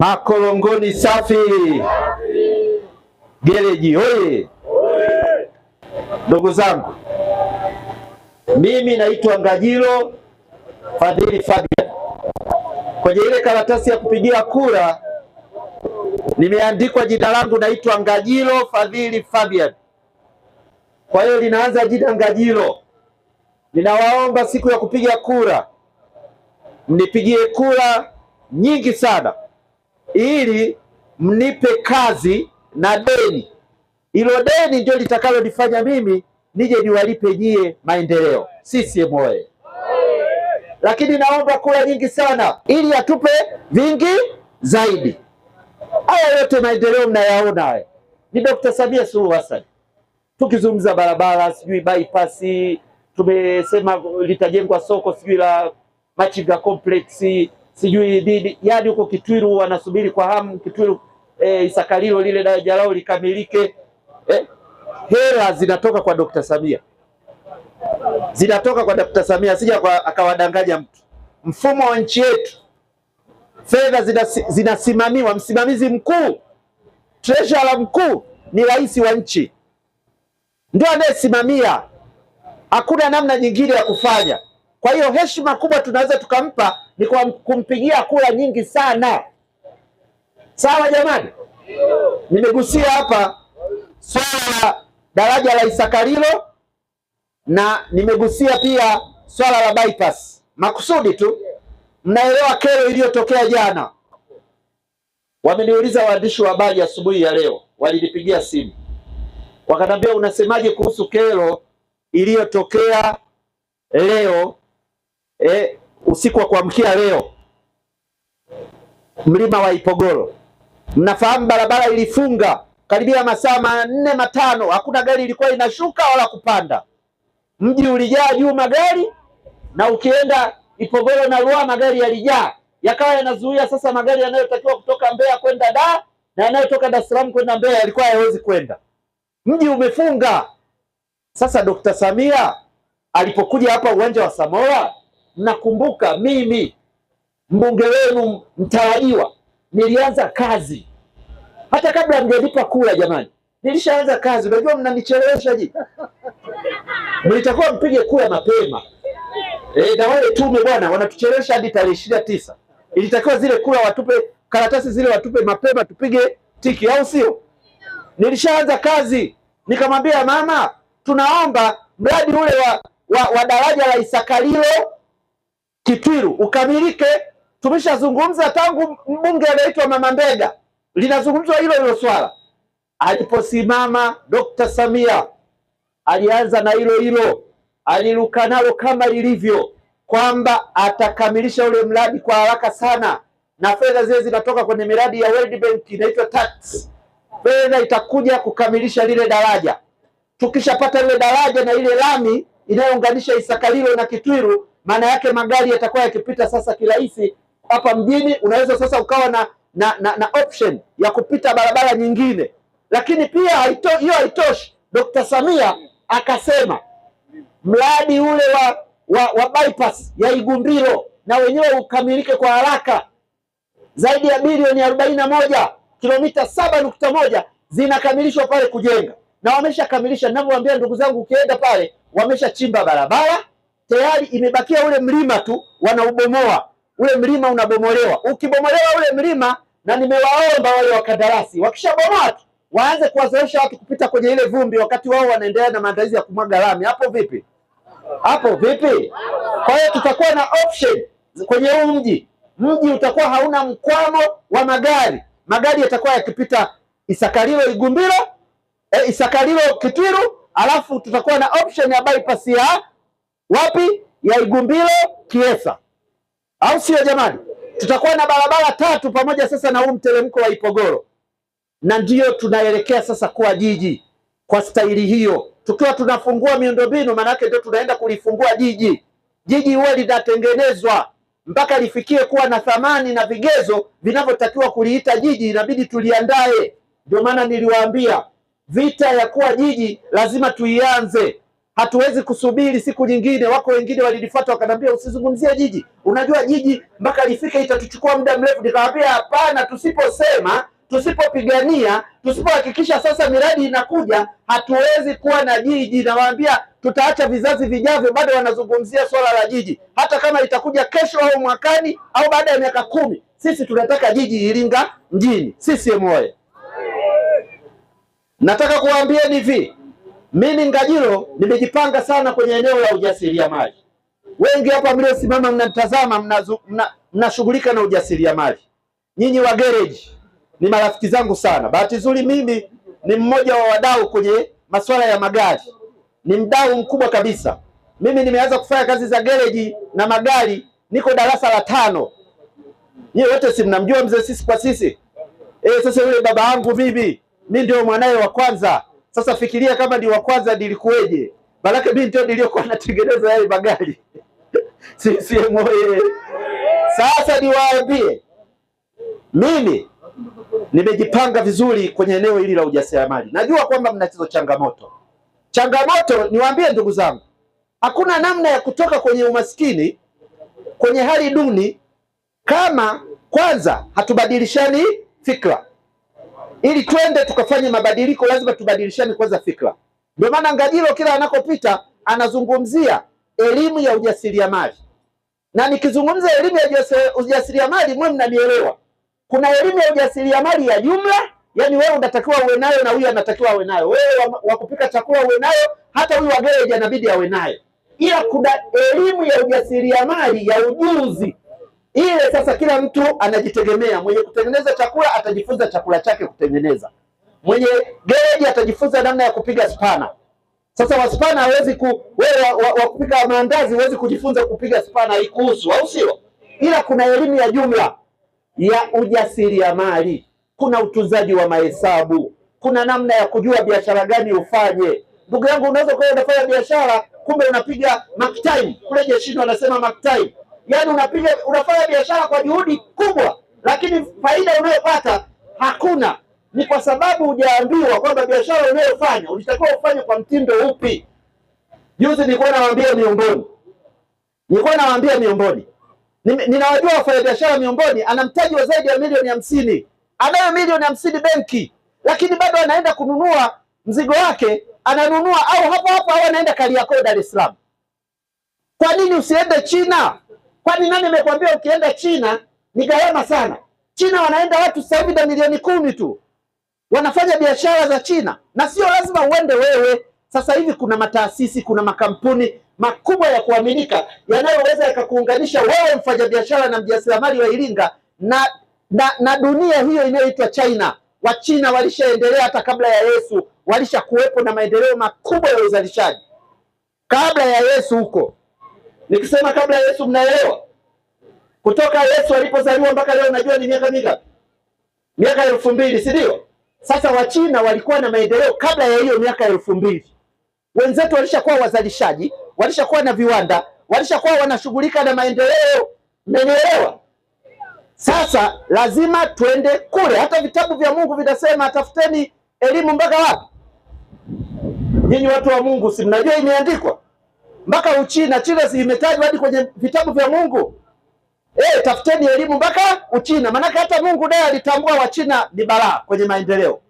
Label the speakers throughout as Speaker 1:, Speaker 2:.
Speaker 1: Makorongoni safi, gereji oye! Ndugu zangu, mimi naitwa Ngajilo Fadhili Fabian. Kwenye ile karatasi ya kupigia kura nimeandikwa jina langu, naitwa Ngajilo Fadhili Fabian. Kwa hiyo linaanza jina Ngajilo. Ninawaomba siku ya kupiga kura mnipigie kura nyingi sana ili mnipe kazi na deni. Hilo deni ndio litakalolifanya mimi nije niwalipe nyie maendeleo. CCM oye! Lakini naomba kura nyingi sana ili atupe vingi zaidi. Haya yote maendeleo mnayaona haya ni Dr. Samia Suluhu Hassan. Tukizungumza barabara, sijui bypass, tumesema litajengwa soko sijui la Machinga complex sijui dhidi yadi huko Kitwiru, wanasubiri kwa hamu Kitwiru e, isakalilo lile daraja lao likamilike. E, hela zinatoka kwa Dr. Samia, zinatoka kwa Dr. Samia, sija kwa akawadanganya mtu. Mfumo wa nchi yetu fedha zinasimamiwa, msimamizi mkuu treasurer mkuu ni rais wa nchi, ndio anayesimamia. Hakuna namna nyingine ya kufanya. Kwa hiyo heshima kubwa tunaweza tukampa ni kwa kumpigia kura nyingi sana. Sawa jamani, nimegusia hapa swala la daraja la Isakarilo na nimegusia pia swala la bypass. Makusudi tu mnaelewa kero iliyotokea jana. Wameniuliza waandishi wa habari asubuhi ya leo, walinipigia simu wakanambia unasemaje kuhusu kero iliyotokea leo eh, usiku wa kuamkia leo mlima wa Ipogoro, mnafahamu barabara ilifunga karibia masaa manne matano, hakuna gari ilikuwa inashuka wala kupanda. Mji ulijaa juu magari, na ukienda Ipogoro na Ruaha magari yalijaa, yakawa yanazuia sasa magari yanayotakiwa kutoka Mbeya kwenda Dar na yanayotoka Dar es Salaam kwenda Mbeya yalikuwa hayawezi kwenda, mji umefunga. Sasa Dkt. Samia alipokuja hapa uwanja wa Samora nakumbuka mimi mbunge wenu mtarajiwa nilianza kazi hata kabla mjalipa kula. Jamani, nilishaanza kazi. Unajua mnanichelewesha ji, mlitakuwa mpige kula mapema e, na wale tume bwana wanatuchelewesha hadi tarehe ishirini na tisa. Ilitakiwa zile kula watupe karatasi zile watupe mapema tupige tiki, au sio? Nilishaanza kazi, nikamwambia mama, tunaomba mradi ule wa, wa, wa daraja la Isakalilo Kitwiru ukamilike. Tumeshazungumza tangu mbunge anaitwa Mama Mbega, linazungumzwa hilo hilo swala. Aliposimama Dr. Samia alianza na hilo hilo, aliruka nalo kama lilivyo kwamba atakamilisha ule mradi kwa haraka sana, na fedha zile zinatoka kwenye miradi ya World Bank inaitwa tax, Fedha itakuja kukamilisha lile daraja. Tukishapata lile daraja na ile lami inayounganisha Isakalilo na Kitwiru maana yake magari yatakuwa yakipita sasa kirahisi hapa mjini. Unaweza sasa ukawa na na, na, na option ya kupita barabara nyingine, lakini pia hiyo haitoshi. Dr. Samia akasema mradi ule wa, wa, wa bypass ya Igumbiro na wenyewe ukamilike kwa haraka. Zaidi ya bilioni arobaini na moja kilomita saba nukta moja zinakamilishwa pale kujenga, na wameshakamilisha. Ninavyowaambia ndugu zangu, ukienda pale wameshachimba barabara tayari imebakia ule mlima tu, wanaubomoa ule mlima, unabomolewa. Ukibomolewa ule mlima, na nimewaomba wale wakandarasi wakishabomoa tu waanze kuwazoesha watu kupita kwenye ile vumbi, wakati wao wanaendelea na maandalizi ya kumwaga lami. Hapo vipi? Hapo vipi? Kwa hiyo tutakuwa na option kwenye huu mji. Mji utakuwa hauna mkwamo wa magari, magari yatakuwa yakipita Isakarilo Igumbiro, e, eh, Isakarilo Kitwiru, alafu tutakuwa na option ya bypass ya wapi? Ya Igumbilo Kiesa, au sio jamani? Tutakuwa na barabara tatu pamoja sasa na huu mteremko wa Ipogoro, na ndiyo tunaelekea sasa kuwa jiji kwa staili hiyo, tukiwa tunafungua miundombinu, maanake ndio tunaenda kulifungua jiji. Jiji huwa linatengenezwa mpaka lifikie kuwa na thamani na vigezo vinavyotakiwa kuliita jiji, inabidi tuliandae. Ndio maana niliwaambia vita ya kuwa jiji lazima tuianze hatuwezi kusubiri siku nyingine. Wako wengine walinifuata wakanambia, usizungumzie jiji, unajua jiji mpaka lifike itatuchukua muda mrefu. Nikamwambia hapana, tusiposema tusipopigania tusipohakikisha sasa miradi inakuja, hatuwezi kuwa na jiji. Nawaambia tutaacha vizazi vijavyo bado wanazungumzia swala la jiji, hata kama itakuja kesho au mwakani au baada ya miaka kumi. Sisi tunataka jiji Iringa mjini. Sisi moye, nataka kuwaambia hivi mimi Ngajilo nimejipanga sana kwenye eneo la ujasiriamali. Wengi hapa mliosimama mnanitazama, mnashughulika mna na ujasiriamali. Nyinyi wa garage ni marafiki zangu sana. Bahati nzuri mimi ni mmoja wa wadau kwenye masuala ya magari, ni mdau mkubwa kabisa. Mimi nimeanza kufanya kazi za garage na magari, niko darasa la tano. Nyie wote si mnamjua mzee sisi kwa sisi. Eh, sasa yule baba yangu mimi, mi ndio mwanaye wa kwanza sasa fikiria kama ni wa kwanza nilikuweje? Baraka mimi ndio niliyokuwa natengeneza yale magari CCM oye! Sasa niwaambie, mimi nimejipanga vizuri kwenye eneo hili la ujasiriamali. Najua kwamba mnazo changamoto. Changamoto niwaambie ndugu zangu, hakuna namna ya kutoka kwenye umaskini, kwenye hali duni, kama kwanza hatubadilishani fikra. Ili twende tukafanye mabadiliko, lazima tubadilishane kwanza fikra. Ndio maana Ngajilo kila anakopita anazungumzia elimu ya ujasiriamali, na nikizungumza elimu ya ujasiriamali mwe mnanielewa. Kuna elimu ya ujasiriamali ya jumla, yani wewe unatakiwa uwe nayo na huyu anatakiwa awe nayo, wewe wa kupika chakula uwe nayo, hata huyu wa gereji inabidi awe nayo, ila kuna elimu ya ujasiriamali ya ujuzi ile sasa, kila mtu anajitegemea. Mwenye kutengeneza chakula atajifunza chakula chake kutengeneza, mwenye gereji atajifunza namna ya kupiga spana. Sasa waspana hawezi ku wewe wa, kupiga maandazi huwezi kujifunza kupiga spana, ikuhusu au sio? Ila kuna elimu ya jumla ya ujasiriamali, kuna utunzaji wa mahesabu, kuna namna ya kujua biashara gani ufanye. Ndugu yangu, unaweza kuwa unafanya biashara kumbe unapiga mark time. Kule jeshini wanasema mark time yani unapiga unafanya biashara kwa juhudi kubwa, lakini faida unayopata hakuna. Ni kwa sababu hujaambiwa kwamba biashara unayofanya ulitakiwa ufanye kwa mtindo upi. Juzi nilikuwa nawaambia miongoni, nilikuwa nawaambia miongoni, ninawajua wafanyabiashara miongoni, ana mtaji wa zaidi ya milioni hamsini, anayo milioni hamsini benki, lakini bado anaenda kununua mzigo wake ananunua au hapo hapo au anaenda Kariakoo, Dar es Salaam. Kwa nini usiende China? Kwani nani nimekwambia ukienda China ni gharama sana? China wanaenda watu sasa hivi na milioni kumi tu wanafanya biashara za China, na sio lazima uende wewe. Sasa hivi kuna mataasisi, kuna makampuni makubwa ya kuaminika yanayoweza yakakuunganisha wewe mfanyabiashara na mjasiriamali wa Iringa na, na, na dunia hiyo inayoitwa China. Wachina walishaendelea hata kabla ya Yesu, walishakuwepo na maendeleo makubwa ya uzalishaji kabla ya Yesu huko Nikisema kabla ya Yesu mnaelewa? Kutoka Yesu alipozaliwa mpaka leo najua ni miaka mingapi? Miaka elfu mbili, si ndio? Sasa Wachina walikuwa na maendeleo kabla ya hiyo miaka elfu mbili. Wenzetu walishakuwa wazalishaji, walishakuwa na viwanda, walishakuwa wanashughulika na maendeleo. Mmenielewa? Sasa lazima twende kule. Hata vitabu vya Mungu vinasema tafuteni elimu mpaka wapi? Nyinyi watu wa Mungu, si mnajua imeandikwa mpaka Uchina. China zimetajwa imetajwa hadi kwenye vitabu vya Mungu. E, tafuteni elimu mpaka Uchina, maanake hata Mungu naye alitambua Wachina ni balaa kwenye maendeleo.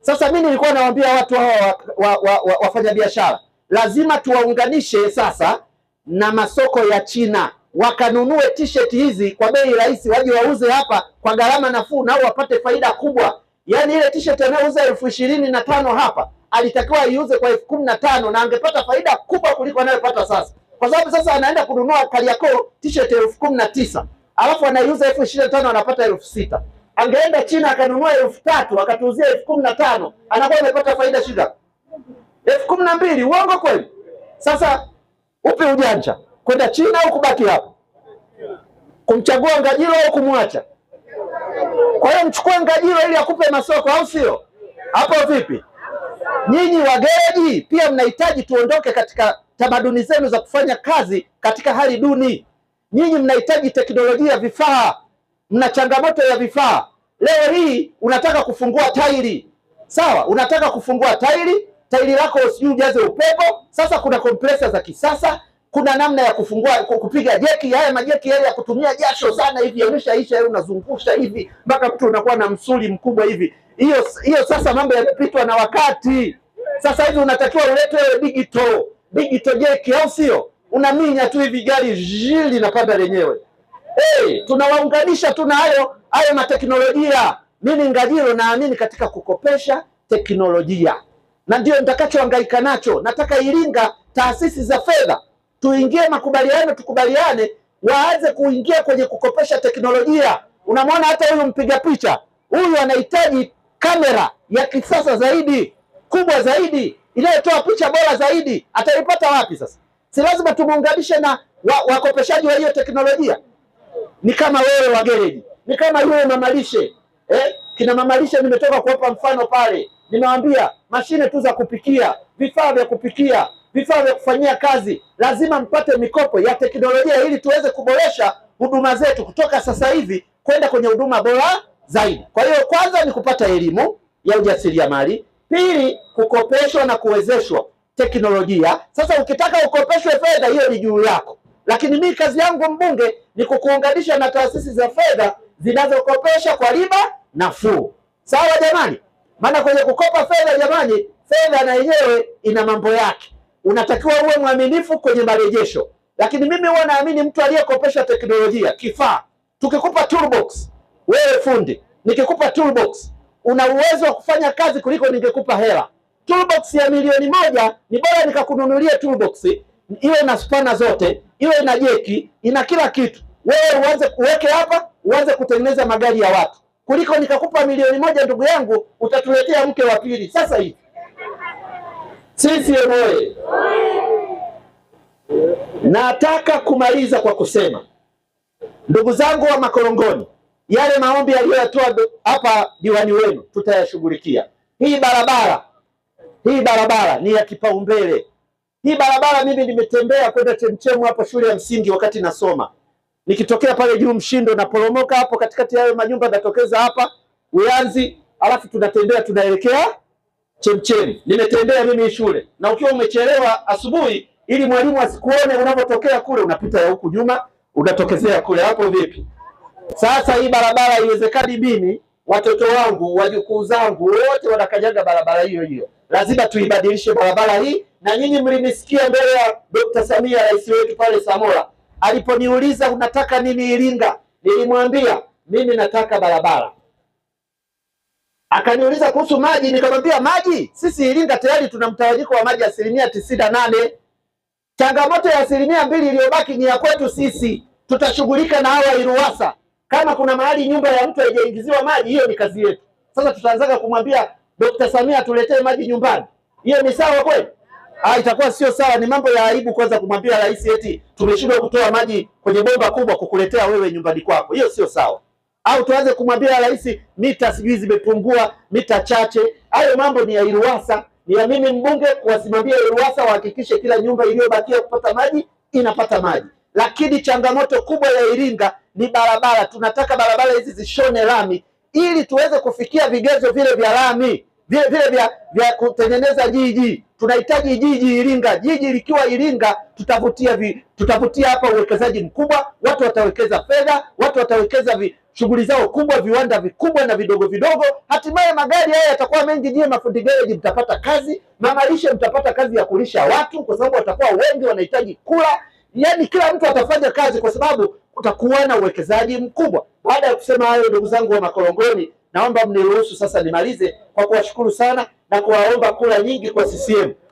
Speaker 1: Sasa mimi nilikuwa nawaambia watu hawa wa, wa, wa, wa, wafanyabiashara lazima tuwaunganishe sasa na masoko ya China wakanunue t-shirt hizi kwa bei rahisi, waje wauze hapa kwa gharama nafuu, nao wapate faida kubwa. Yaani ile t-shirt anayouza elfu ishirini na tano hapa alitakiwa aiuze kwa elfu kumi na tano na angepata faida kubwa kuliko anayopata sasa, kwa sababu sasa anaenda kununua Kariakoo t-shirt elfu kumi na tisa alafu anaiuza elfu ishirini na tano anapata elfu sita Angeenda China akanunua elfu tatu akatuuzia elfu kumi na tano anakuwa amepata faida shida elfu kumi na mbili Uongo kweli? Sasa upi ujanja, kwenda China au kubaki hapa? Kumchagua Ngajilo au kumwacha? Kwa hiyo mchukue Ngajilo ili akupe masoko, au sio? Hapo vipi? Nyinyi wagereji pia mnahitaji tuondoke katika tamaduni zenu za kufanya kazi katika hali duni. Nyinyi mnahitaji teknolojia vifaa, mna changamoto ya vifaa. Leo hii unataka kufungua tairi, sawa? Unataka kufungua tairi, tairi lako sijui ujaze upepo. Sasa kuna kompresa za kisasa kuna namna ya kufungua kupiga jeki, haya majeki yale ya kutumia jasho sana hivi, yameshaisha yale, unazungusha hivi mpaka mtu unakuwa na msuli mkubwa hivi. Hiyo hiyo sasa mambo yamepitwa na wakati. Sasa hivi unatakiwa ulete ile digital digital jeki, au sio? Unaminya tu hivi, gari panda lenyewe. Hey, tunawaunganisha tu na hayo hayo mateknolojia. Mimi Ngajilo naamini katika kukopesha teknolojia, na ndio nitakachohangaika nacho. Nataka Iringa taasisi za fedha tuingie makubaliano, tukubaliane, waanze kuingia kwenye kukopesha teknolojia. Unamwona hata huyu mpiga picha huyu anahitaji kamera ya kisasa zaidi, kubwa zaidi, inayotoa picha bora zaidi. Ataipata wapi sasa? Si lazima tumuunganishe na wakopeshaji wa hiyo teknolojia. Ni kama wewe wa gereji, ni kama yule mamalishe eh? Kina mamalishe nimetoka kuwapa mfano pale, nimewambia mashine tu za kupikia, vifaa vya kupikia vifaa vya kufanyia kazi, lazima mpate mikopo ya teknolojia ili tuweze kuboresha huduma zetu kutoka sasa hivi kwenda kwenye huduma bora zaidi. Kwa hiyo, kwanza ni kupata elimu ya ujasiriamali, pili kukopeshwa na kuwezeshwa teknolojia. Sasa ukitaka ukopeshwe fedha, hiyo ni juu yako, lakini mimi kazi yangu mbunge ni kukuunganisha na taasisi za fedha zinazokopesha kwa riba nafuu. Sawa jamani? Maana kwenye kukopa fedha jamani, fedha na yenyewe ina mambo yake unatakiwa uwe mwaminifu kwenye marejesho, lakini mimi huwa naamini mtu aliyekopesha teknolojia kifaa, tukikupa toolbox, wewe fundi, nikikupa toolbox, una uwezo wa kufanya kazi kuliko ningekupa hela. Toolbox ya milioni moja ni bora nikakununulia toolbox iwe na spana zote, iwe na jeki, ina kila kitu, wewe uanze uweke hapa, uanze kutengeneza magari ya watu kuliko nikakupa milioni moja, ndugu yangu, utatuletea mke wa pili sasa hivi. CCM oye! Nataka kumaliza kwa kusema, ndugu zangu wa Makorongoni, yale maombi yaliyoyatoa hapa diwani wenu tutayashughulikia. Hii barabara hii barabara ni ya kipaumbele. Hii barabara mimi nimetembea kwenda Chemchemu hapo shule ya msingi wakati nasoma, nikitokea pale juu Mshindo naporomoka hapo katikati, yayo manyumba natokeza hapa Uyanzi, alafu tunatembea tunaelekea chemchemi, nimetembea mimi shule, na ukiwa umechelewa asubuhi, ili mwalimu asikuone unapotokea kule, unapita ya huku nyuma, unatokezea kule. Hapo vipi? Sasa hii barabara iwezekani mimi watoto wangu wajukuu zangu wote wanakanyaga barabara hiyo hiyo, lazima tuibadilishe barabara hii. Na nyinyi mlinisikia mbele ya Dkt. Samia rais wetu pale Samora, aliponiuliza unataka nini Iringa, nilimwambia mimi nataka barabara Akaniuliza kuhusu maji, nikamwambia maji, sisi Iringa tayari tuna mtawanyiko wa maji asilimia tisini na nane. Changamoto ya asilimia mbili iliyobaki ni ya kwetu sisi, tutashughulika na hawa Iruwasa. Kama kuna mahali nyumba ya mtu haijaingiziwa maji, hiyo ni kazi yetu. Sasa tutaanzaga kumwambia Dokta Samia tuletee maji nyumbani, hiyo ni sawa kweli? Ah, itakuwa sio sawa. Ni mambo ya aibu kwanza kumwambia rais eti tumeshindwa kutoa maji kwenye bomba kubwa kukuletea wewe nyumbani kwako, hiyo sio sawa au tuanze kumwambia rais mita sijui zimepungua mita chache. Hayo mambo ni ya Iruwasa, ni ya mimi mbunge kuwasimamia Iruwasa wahakikishe kila nyumba iliyobakia kupata maji inapata maji. Lakini changamoto kubwa ya Iringa ni barabara. Tunataka barabara hizi zishone lami ili tuweze kufikia vigezo vile vya lami vile vile vya, vya kutengeneza jiji. Tunahitaji jiji Iringa. Jiji likiwa Iringa tutavutia vi, tutavutia hapa uwekezaji mkubwa, watu watawekeza fedha, watu watawekeza vi, shughuli zao kubwa, viwanda vikubwa na vidogo vidogo. Hatimaye magari haya yatakuwa mengi, nyie mafundi gereji mtapata kazi, mamalishe mtapata kazi ya kulisha watu, kwa sababu watakuwa wengi, wanahitaji kula. yani kila mtu atafanya kazi, kwa sababu kutakuwa na uwekezaji mkubwa. Baada ya kusema hayo, ndugu zangu wa Makorongoni, naomba mniruhusu sasa nimalize kwa kuwashukuru sana na kuwaomba kura nyingi kwa CCM.